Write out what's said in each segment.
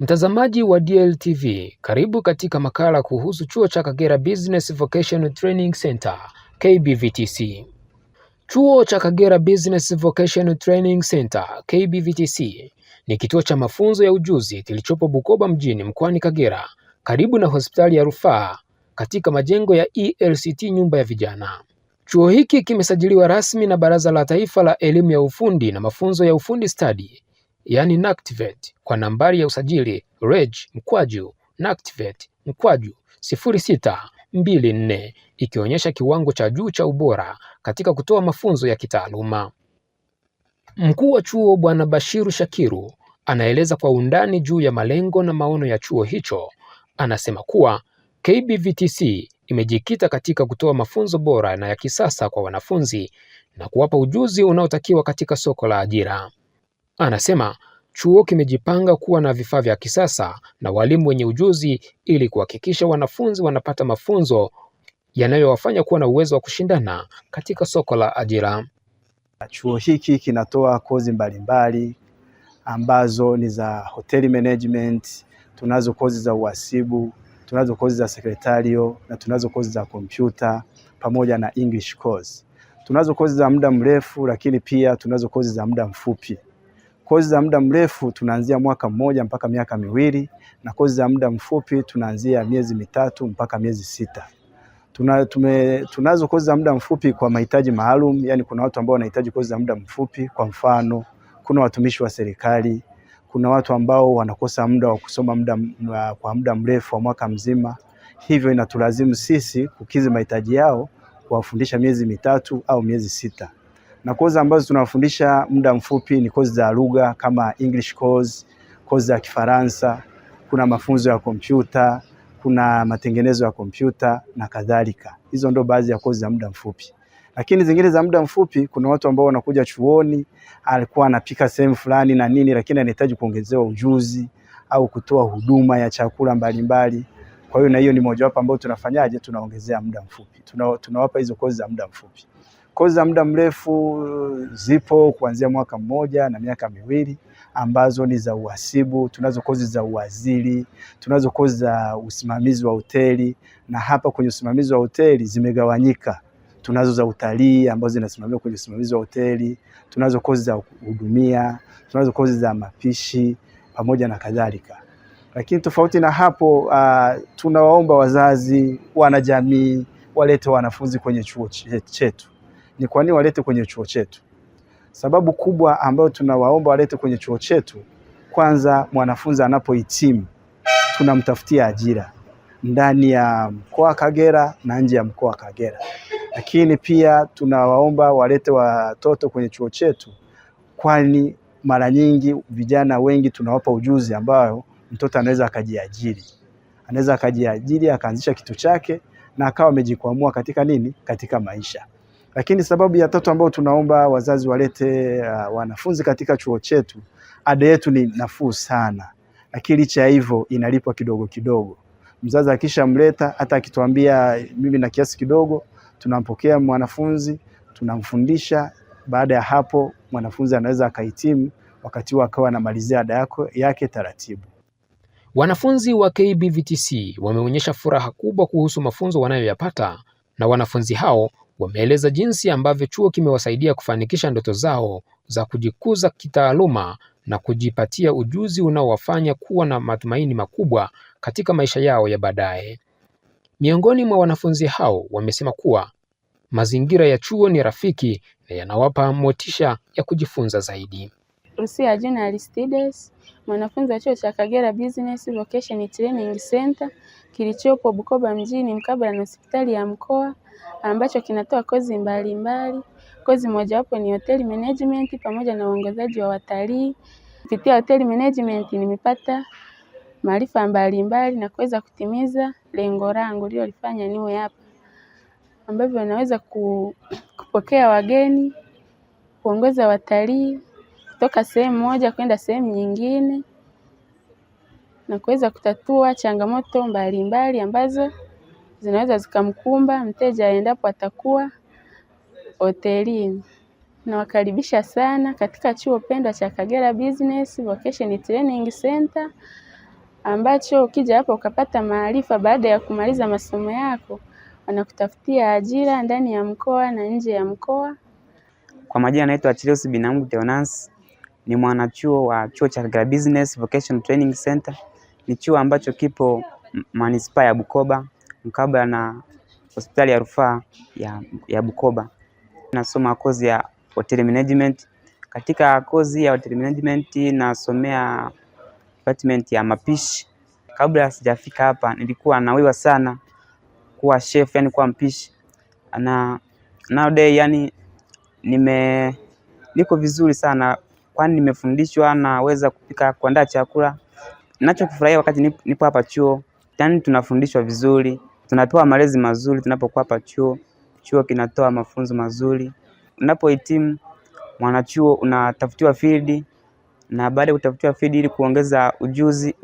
Mtazamaji wa DLTV, karibu katika makala kuhusu chuo cha Kagera Business Vocational Training Center KBVTC. Chuo cha Kagera Business Vocational Training Center KBVTC ni kituo cha mafunzo ya ujuzi kilichopo Bukoba mjini mkoani Kagera, karibu na hospitali ya rufaa katika majengo ya ELCT nyumba ya vijana. Chuo hiki kimesajiliwa rasmi na Baraza la Taifa la Elimu ya Ufundi na Mafunzo ya Ufundi Stadi yaani NACTVET e kwa nambari ya usajili REG mkwaju NACTVET e mkwaju 0624 ikionyesha kiwango cha juu cha ubora katika kutoa mafunzo ya kitaaluma. Mkuu wa chuo Bwana Bashiru Shakiru anaeleza kwa undani juu ya malengo na maono ya chuo hicho. Anasema kuwa KBVTC imejikita katika kutoa mafunzo bora na ya kisasa kwa wanafunzi na kuwapa ujuzi unaotakiwa katika soko la ajira. Anasema chuo kimejipanga kuwa na vifaa vya kisasa na walimu wenye ujuzi ili kuhakikisha wanafunzi wanapata mafunzo yanayowafanya kuwa na uwezo wa kushindana katika soko la ajira. Chuo hiki kinatoa kozi mbalimbali ambazo ni za hotel management, tunazo kozi za uhasibu, tunazo kozi za sekretario na tunazo kozi za kompyuta pamoja na English course. Tunazo kozi za muda mrefu, lakini pia tunazo kozi za muda mfupi. Kozi za muda mrefu tunaanzia mwaka mmoja mpaka miaka miwili na kozi za muda mfupi tunaanzia miezi mitatu mpaka miezi sita. Tuna, tume, tunazo kozi za muda mfupi kwa mahitaji maalum, yani kuna watu ambao wanahitaji kozi za muda mfupi. Kwa mfano, kuna watumishi wa serikali, kuna watu ambao wanakosa muda wa kusoma muda, kwa muda mrefu wa mwaka mzima, hivyo inatulazimu sisi kukizi mahitaji yao kuwafundisha miezi mitatu au miezi sita na kozi ambazo tunawafundisha muda mfupi ni kozi za lugha kama English course, kozi za Kifaransa, kuna mafunzo ya kompyuta, kuna matengenezo ya kompyuta na kadhalika. Hizo ndo baadhi ya kozi za muda mfupi, lakini zingine za muda mfupi, kuna watu ambao wanakuja chuoni, alikuwa anapika sehemu fulani na nini, lakini anahitaji kuongezewa ujuzi au kutoa huduma ya chakula mbalimbali. Kwa hiyo na hiyo ni mojawapo ambayo tunafanyaje, tunaongezea muda mfupi, tunawapa hizo kozi za muda mfupi. Kozi za muda mrefu uh, zipo kuanzia mwaka mmoja na miaka miwili ambazo ni za uhasibu. Tunazo kozi za uwaziri, tunazo kozi za usimamizi wa hoteli, na hapa kwenye usimamizi wa hoteli zimegawanyika. Tunazo za utalii ambazo zinasimamiwa kwenye usimamizi wa hoteli, tunazo kozi za kuhudumia, tunazo kozi za mapishi pamoja na kadhalika. Lakini tofauti na hapo, uh, tunawaomba wazazi, wanajamii walete wanafunzi kwenye chuo chetu ni kwa nini walete kwenye chuo chetu. Sababu kubwa ambayo tunawaomba walete kwenye chuo chetu, kwanza, mwanafunzi anapohitimu tunamtafutia ajira ndani ya mkoa wa Kagera na nje ya mkoa wa Kagera, lakini pia tunawaomba walete watoto kwenye chuo chetu, kwani mara nyingi vijana wengi tunawapa ujuzi ambayo mtoto anaweza akajiajiri, anaweza akajiajiri akaanzisha kitu chake na akawa amejikwamua katika nini, katika maisha. Lakini sababu ya tatu ambayo tunaomba wazazi walete uh, wanafunzi katika chuo chetu, ada yetu ni nafuu sana, lakini licha ya hivyo inalipwa kidogo kidogo. Mzazi akishamleta hata akituambia mimi na kiasi kidogo, tunampokea mwanafunzi tunamfundisha. Baada ya hapo mwanafunzi anaweza akahitimu, wakati huo akawa anamalizia ada yako yake taratibu. Wanafunzi wa KBVTC wameonyesha furaha kubwa kuhusu mafunzo wanayoyapata na wanafunzi hao Wameeleza jinsi ambavyo chuo kimewasaidia kufanikisha ndoto zao za kujikuza kitaaluma na kujipatia ujuzi unaowafanya kuwa na matumaini makubwa katika maisha yao ya baadaye. Miongoni mwa wanafunzi hao wamesema kuwa mazingira ya chuo ni rafiki na yanawapa motisha ya kujifunza zaidi. Lucia Jane Aristides, mwanafunzi wa chuo cha Kagera Business Vocational Training Center kilichopo Bukoba mjini mkabala na hospitali ya mkoa ambacho kinatoa kozi mbalimbali. Kozi mojawapo ni hoteli management pamoja na uongozaji wa watalii. Kupitia hoteli management nimepata maarifa mbalimbali na kuweza kutimiza lengo langu lilolifanya niwe hapa, ambavyo naweza kupokea wageni, kuongoza watalii kutoka sehemu moja kwenda sehemu nyingine na kuweza kutatua changamoto mbalimbali mbali ambazo zinaweza zikamkumba mteja endapo atakuwa hotelini. Nawakaribisha sana katika chuo pendwa cha Kagera Business Vocation Training Center ambacho ukija hapo ukapata maarifa baada ya kumaliza masomo yako, wanakutafutia ajira ndani ya mkoa na nje ya mkoa. Kwa majina naitwa Achilles binangu Theonas ni mwanachuo wa chuo cha Gra Business Vocational Training Center. Ni chuo ambacho kipo manispaa ya Bukoba mkabala na hospitali ya rufaa ya, ya Bukoba. Nasoma kozi ya hotel management. Katika kozi ya hotel management nasomea department ya mapishi. Kabla sijafika hapa nilikuwa nawiwa sana kuwa chef, yani kuwa mpishi na nowadays, yani nime niko vizuri sana kwani nimefundishwa naweza kupika kuandaa chakula. Ninachokifurahia wakati nipo hapa chuo, yani tunafundishwa vizuri, tunapewa malezi mazuri tunapokuwa hapa chuo. Chuo kinatoa mafunzo mazuri. Unapohitimu mwanachuo unatafutiwa field na baada ya kutafutiwa field ili kuongeza ujuzi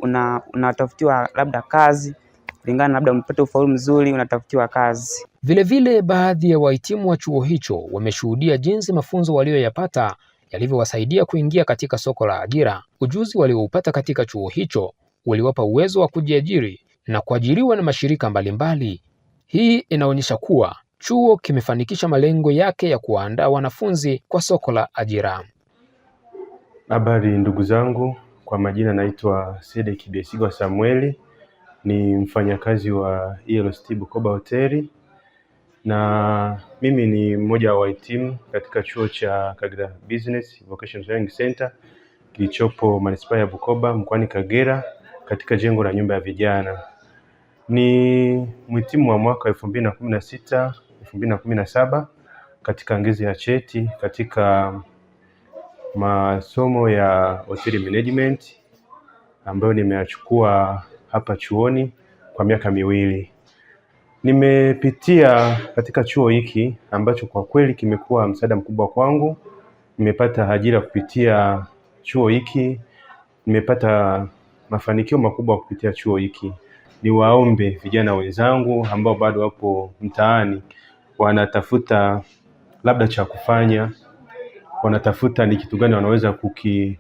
unatafutiwa labda kazi kulingana labda umepata ufaulu mzuri unatafutiwa kazi. Vilevile, baadhi ya wahitimu wa chuo hicho wameshuhudia jinsi mafunzo waliyoyapata yalivyowasaidia kuingia katika soko la ajira. Ujuzi walioupata katika chuo hicho uliwapa uwezo wa kujiajiri na kuajiriwa na mashirika mbalimbali. Hii inaonyesha kuwa chuo kimefanikisha malengo yake ya kuwaandaa wanafunzi kwa soko la ajira. Habari ndugu zangu, kwa majina naitwa Sede Kibesigwa Samueli, ni mfanyakazi wa ELST Bukoba Hoteli na mimi ni mmoja wa wahitimu katika chuo cha Kagera Business Vocational Training Center kilichopo manispaa ya Bukoba mkoani Kagera katika jengo la nyumba ya vijana. Ni mhitimu wa mwaka elfu mbili na kumi na sita elfu mbili na kumi na saba katika ngazi ya cheti katika masomo ya hoteli management ambayo nimeyachukua hapa chuoni kwa miaka miwili. Nimepitia katika chuo hiki ambacho kwa kweli kimekuwa msaada mkubwa kwangu. Nimepata ajira kupitia chuo hiki, nimepata mafanikio makubwa kupitia chuo hiki. Niwaombe vijana wenzangu ambao bado wapo mtaani, wanatafuta labda cha kufanya, wanatafuta ni kitu gani wanaweza kuki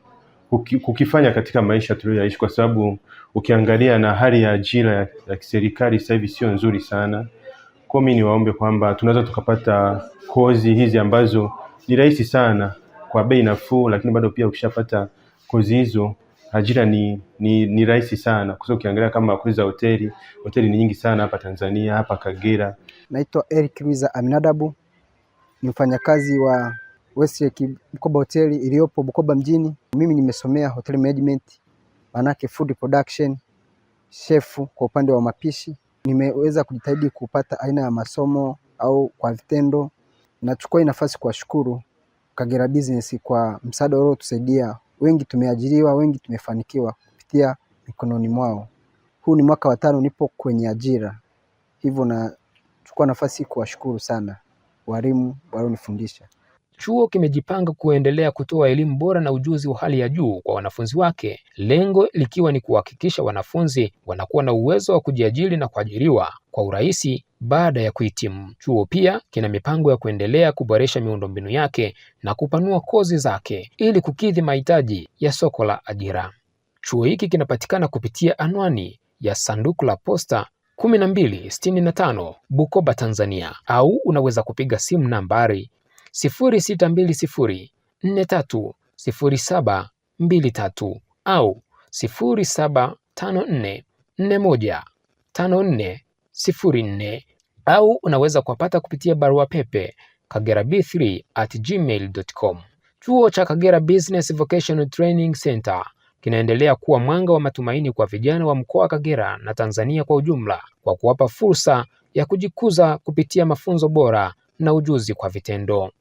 kukifanya katika maisha tuliyoyaishi, kwa sababu ukiangalia na hali ya ajira ya, ya kiserikali sasa hivi sio nzuri sana. Kwa mimi niwaombe kwamba tunaweza tukapata kozi hizi ambazo ni rahisi sana kwa bei nafuu, lakini bado pia ukishapata kozi hizo ajira ni, ni, ni rahisi sana kwa sababu ukiangalia kama za hoteli, hoteli ni nyingi sana hapa Tanzania, hapa Kagera. Naitwa Eric Miza Aminadabu, ni mfanyakazi wa Westlake Bukoba hoteli iliyopo Bukoba mjini. Mimi nimesomea hotel management, manake food production, chef kwa upande wa mapishi. Nimeweza kujitahidi kupata aina ya masomo au kwa vitendo. Nachukua hii nafasi kuwashukuru Kagera Business kwa msaada uliotusaidia. Wengi tumeajiriwa, wengi tumefanikiwa kupitia mikononi mwao. Huu ni mwaka wa tano nipo kwenye ajira, hivyo nachukua nafasi kuwashukuru sana walimu walionifundisha. Chuo kimejipanga kuendelea kutoa elimu bora na ujuzi wa hali ya juu kwa wanafunzi wake, lengo likiwa ni kuhakikisha wanafunzi wanakuwa na uwezo wa kujiajiri na kuajiriwa kwa urahisi baada ya kuhitimu. Chuo pia kina mipango ya kuendelea kuboresha miundombinu yake na kupanua kozi zake ili kukidhi mahitaji ya soko la ajira. Chuo hiki kinapatikana kupitia anwani ya sanduku la posta 1265 Bukoba, Tanzania, au unaweza kupiga simu nambari 0620430723 au 0754415404 au unaweza kuwapata kupitia barua pepe kagera-b3@gmail.com. 3 at Chuo cha Kagera Business Vocational Training Center kinaendelea kuwa mwanga wa matumaini kwa vijana wa mkoa wa Kagera na Tanzania kwa ujumla kwa kuwapa fursa ya kujikuza kupitia mafunzo bora na ujuzi kwa vitendo.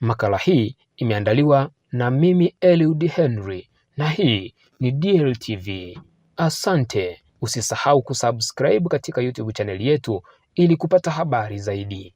Makala hii imeandaliwa na mimi Eliud Henry na hii ni DLTV. Asante, usisahau kusubscribe katika YouTube chaneli yetu ili kupata habari zaidi.